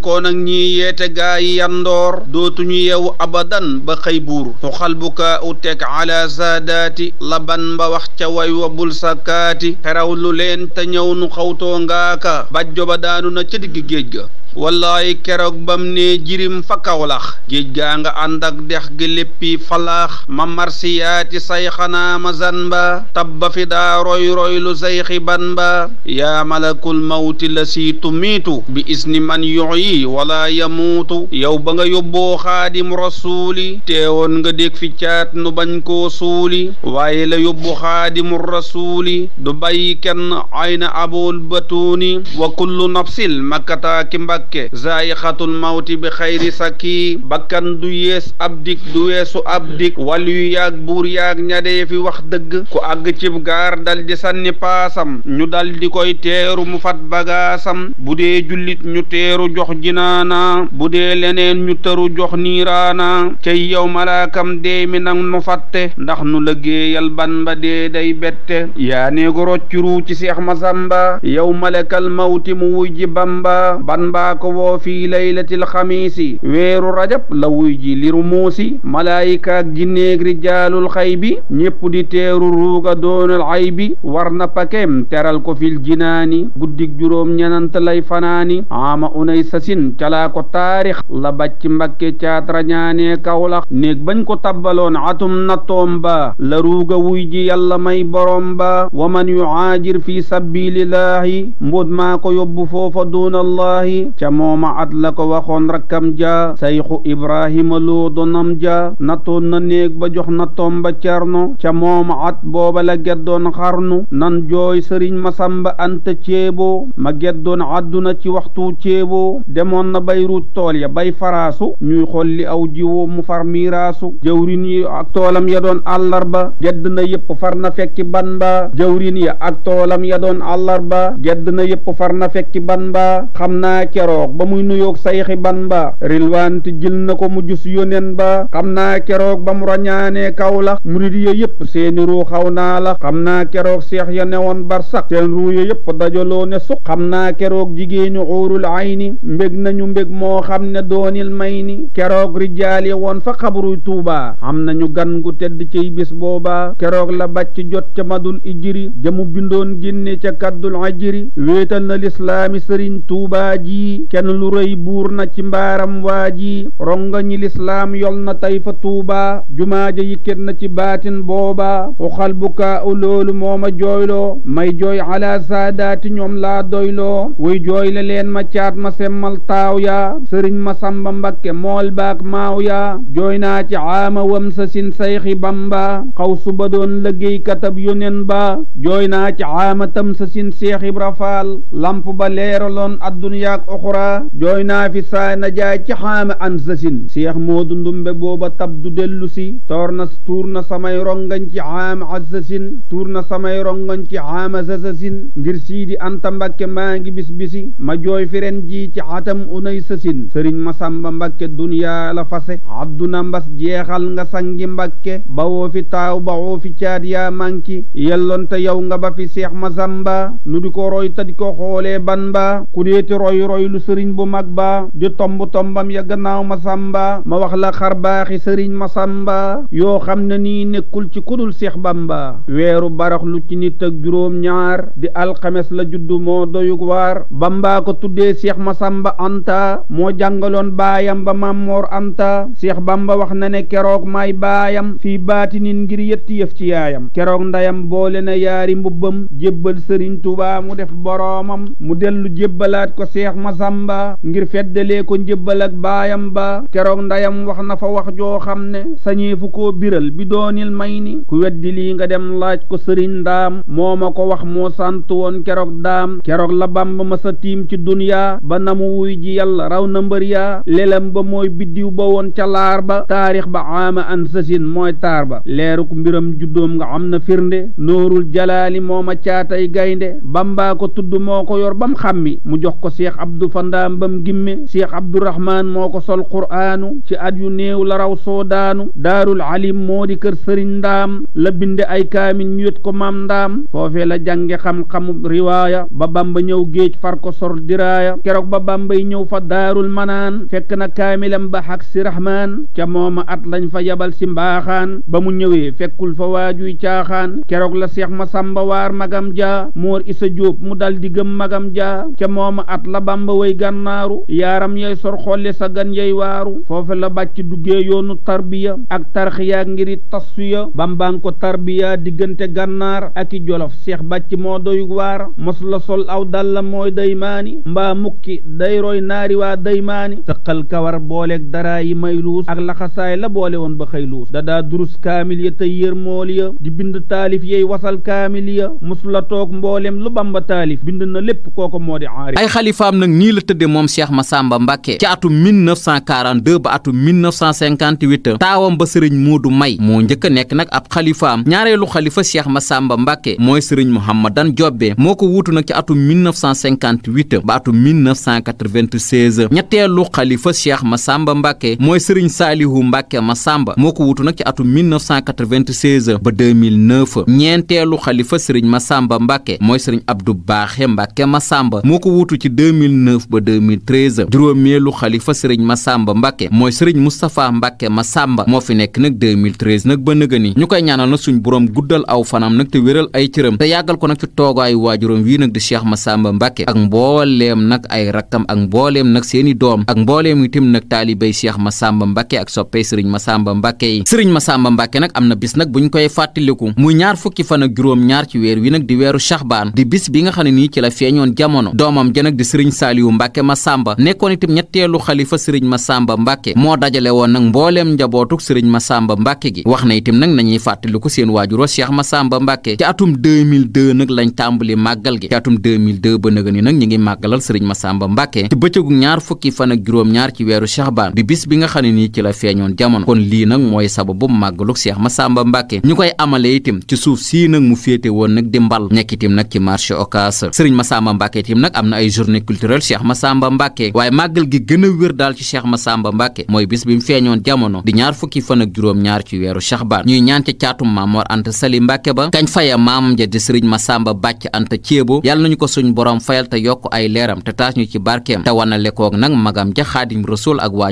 kon nag ñiy yeete gaa yi yandoor dootuñu yeewu abadan ba xëy buur tuxal bukaa u teg ala saadaati laban ba wax ca way wa bul sakaati xeraw leen te ñëw nu xawtoo ngaaka bajjo ba daanu na ca digg géej ga wallaay keroog bam ne jirim fa kawlax géej gaa nga ànd dex ga léppi falaax ma marsiyaati say xanaa ma zanba tabba fi daa roy roy lu sayxi ban ba yaa malakul mawti la si tumiitu bi isni man yuyi wala yamuutu yow ba nga yóbboo xaadim rasuuli teewoon nga dég fi caat nu bañ suuli waaye la yóbbu xaadimu rasuuli du bàyyi kenn ayna abul batuuni wa kullu nafsil makkataa mbag mbàkke zaayixatul mawti bi xayri sakki bakkan du yées ab dig du weesu ab dig wàllu yu yaag buur yaag ñadee fi wax dëgg ku àgg cib gaar dal sanni sànni paasam ñu dal di koy teeru mu fat bagaasam bu dee jullit ñu teeru jox jinaana bu dee leneen ñu tëru jox niiraana cay yow malaakam dee mi nag nu fàtte ndax nu lëggéeyal ban ba dee day bette yaa nee ko roccuru ci seex masamba yow malakal mawti mu wuj bamba ban ba daa ko woo fii laylatil xamiisi weeru rajab la wuy ji liru muusi malaayika ak jinneeg rijaalul xay di teeru ruuga doonal xay bi war na pakeem teral ko fil jinaani guddig juróom ñenanta lay fanaani ama unay sasin calaa ko taarix la bàcc mbakke caatra ñaanee kawla néeg bañ ko tabbaloon atum nattoom ba la ruuga wuy ji may borom wa man yuhaajir fi sabilillahi mbóot maa ko yóbbu foofa duunallahi ca mooma at la ko waxoon rakkam ja sayxu ibrahima loo donam ja nattoon na néeg ba jox na tomba cerno ca mooma at booba la geddoon xarnu nan jooy sëriñ masamba anta ceebo ma geddoon àdduna ci waxtu ceebo demoon na bayruut tool ya bay faraasu ñuy xolli aw jiwo mu far miiraasu jawrin yi ak toolam ya doon àllarba ba gedd na yépp far na fekki ban ba xam naa keroog ba muy nuyoog sayxi ban ba rilwaanti jël na ko mu su yóneen ba xam naa keroog ba mu rañaanee kawlax murit ya yépp seeni ruu xaw naa la xam naa keroog seex ya newoon barsax seen ruu ya yépp dajaloo ne suq xam naa keroog jigéeni xuurul ayni mbég nañu mbég moo xam ne doonil may ni keroog rijaal yi woon fa xabruy tuuba xam nañu gan gu tedd ciy bis boobaa keroog la bàcc jot ca madul ijiri jamu bindoon génne ca kaddul ajiri wéetal na lislaami yi kenn lu rëy buur na ci mbaaram waa ji ronga ñi lislaam yol na tey fa tuuba jumaaja yikkat na ci baatin booba uxal bukaa u loolu moo ma jooyloo may jooy ala saadaati ñoom laa doyloo wuy jooy la leen ma caat ma semmal taaw ya sëriñ ma samba mbakke mool baak maaw ya jooy naa ci aama wam sa sin sayxi bamba xaw suba doon liggéey katab yonen ba jooy naa ci aama tam sa sin seex ibra faal ba leeraloon adduna oxo uxra jooy naa fi saa na jaay ci xaama an sasin seex moodu ndumbe booba tab du dellu si toor na tuur na samay rongañ ci xaama an sasin tuur na samay rongañ ci xaama sasin ngir siidi anta mbàkke maa ngi bis bisi ma jooy fi ren jii ci xatam unay sasin sëriñ masamba mbàkke duniyaa la fase abduna mbas jeexal nga sangi mbàkke bawoo fi taaw bawoo fi caat yaa manki yellonte yow nga ba fi seex masamba nu di ko roy ta ko xoolee ban ba ku deeti roy roy bindu sëriñ bu mag ba di tomb tombam ya gannaaw ma sàmba ma wax la xar baaxi sëriñ ma sàmba yoo xam ne nii nekkul ci kudul seex bamba weeru barax lu ci nit ak juróom ñaar di alxames la juddu moo doyug waar bamba ko tuddee seex ma sàmba anta moo jàngaloon baayam ba màmmoor anta seex bamba wax na ne keroog may baayam fii baatinin ngir yetti yëf ci yaayam keroog ndeyam boole na yaari mbubbam jébbal sëriñ tubaa def boroomam mu dellu jébbalaat ko seex ma sàmba sàmba ngir feddalee ko njëbbal ak baayam ba keroog ndayam wax na fa wax joo xam ne sañeefu ko biral bi doonil may ni ku weddi lii nga dem laaj ko sëriñ ndaam moo ma ko wax moo sant woon keroog daam keroog la bàmb ma sa tiim ci duniyaa ba na mu wuy ji yàlla raw na mbër yaa lelam ba mooy biddiw ba woon ca laar ba taarix ba aama an sasin mooy taar ba leeruk mbiram juddoom nga am na firnde noorul jalaali moo caatay gaynde bambaa ko tudd moo ko yor ba mu sol fandaam bam gimme cheikh abdourahman moo ko sol quraanu ci at yu néew la raw soo daanu daarul alim moo di kër sëriñ ndaam la binde ay kaamil ñu yët ko maam ndaam foofee la jànge xam-xamu riwaaya ba bamba ñëw géej far ko sol diraaya keroog ba bambay ñëw fa daarul manaan fekk na kaamilam ba xak si rahmaan ca mooma at lañ fa yabal si mbaaxaan ba mu ñëwee fekkul fa waajuy caaxaan keroog la seex ma sàmba waar magam ja moor isa jóob mu daldi di gëm magam ca mooma way gannaaru yaaram yay sor xolli sa gan yay waaru foofe la bàcc duggee yoonu tarbiya ak tarxiya ngiri tasfiya bambaan ko tarbiya diggante gànnaar ak i jolof seex bàcc moo doy waar mos sol aw dalla mooy daymaani mbaa mukki day roy naari waa daymaani sëqal kawar booleeg dara yi may ak laxasaay la boole woon ba xëy luus dadaa durus kaamil ya tey yër di bind taalif yay wasal kaamil ya mos la toog mboolem lu bamba taalif bind na lépp kooko moo nii la tëdde moom Cheikh Massamba Mbacke ci atum 1942 ba atum 1958 taawam ba sëriñ Moodu May moo njëkk a nekk nag ab xalifaam ñaareelu xalifa Cheikh Massamba Mbacke mooy sëriñ Mouhamadan Jobbe moo ko wuutu nag ci atum 1958 ba atum 1996 ñetteelu xalifa Cheikh Massamba Mbacke mooy sëriñ Saalihu Mbacke Massamba moo ko wuutu nag ci atum 1996 ba 2009 ñeenteelu xalifa sëriñ Massamba Mbacke mooy sëriñ Abdou Baaxe Mbacke Massamba moo ko wuutu ci 2009 2009 ba 2013 juróomeelu xalifa sëriñ Masamba Mbàkke mooy sëriñ Moustapha Mbàkke Masamba moo fi nekk nag 2013 nag ba nëgëni ñu koy ñaanal na suñ boroom guddal aw fanam nag te wéral ay cëram te yàggal ko nag ci toogaayu waajuram wii nag di Cheikh Masamba mbakke ak mbooleem nag ay rakkam ak mbooleem nag seeni doom ak mbooleem itam nag taalibéy Cheikh Masamba Mbàkke ak soppey sëriñ Masamba Mbàkke yi sëriñ Masamba Mbàkke nag am na bis nag bu buñ koy fàttaliku muy ñaar fukki fan ak juróom ñaar ci weer wi nag di weeru Saxbaan di bis bi nga xam ne nii ci la feeñoon ja Aliou Mbàkke Masamba nekkoon itam ñetteelu xalifa sëriñ Masamba Mbàkke moo dajale woon nag mbooleem njabootuk sëriñ Masamba Mbàkke gi wax na itam nag nañuy fàttaliku seen waajuro Cheikh Masamba Mbàkke ci atum 2002 nag lañ tàmbali màggal gi ci atum 2002 ba nëga ni nag ñi ngi màggalal sëriñ Masamba Mbàkke ci bëccëgu ñaar fukki fan ak juróom-ñaar ci weeru Shahbaan di bis bi nga xam ne nii ci la feeñoon jamono kon lii nag mooy sababu màggaluk Cheikh Masamba Mbàkke ñu koy amale itam ci suuf sii nag mu féete woon nag di mbal nekk itam nag ci marché Ocass sëriñ Masamba Mbàkke itam nag am na ay journée culturelle Cheikh Massamba Mbacke waaye màggal gi gën a wér daal ci Cheikh Massamba Mbacke mooy bis bi mu feeñoon jamono bi ñaar fukki fan ak juróom-ñaar ci weeru Saxbaan ñuy ñaan ca caatum Maamoor Anta Sali Mbacke ba kañ faya maamam ja di sëriñ Massamba Bàcc Anta Ceebo yal nañu ko suñ boroom fayal te yokk ay leeram te taas ñu ci barkeem te wanale koog nag magam ja Xaadim Rasuul ak waa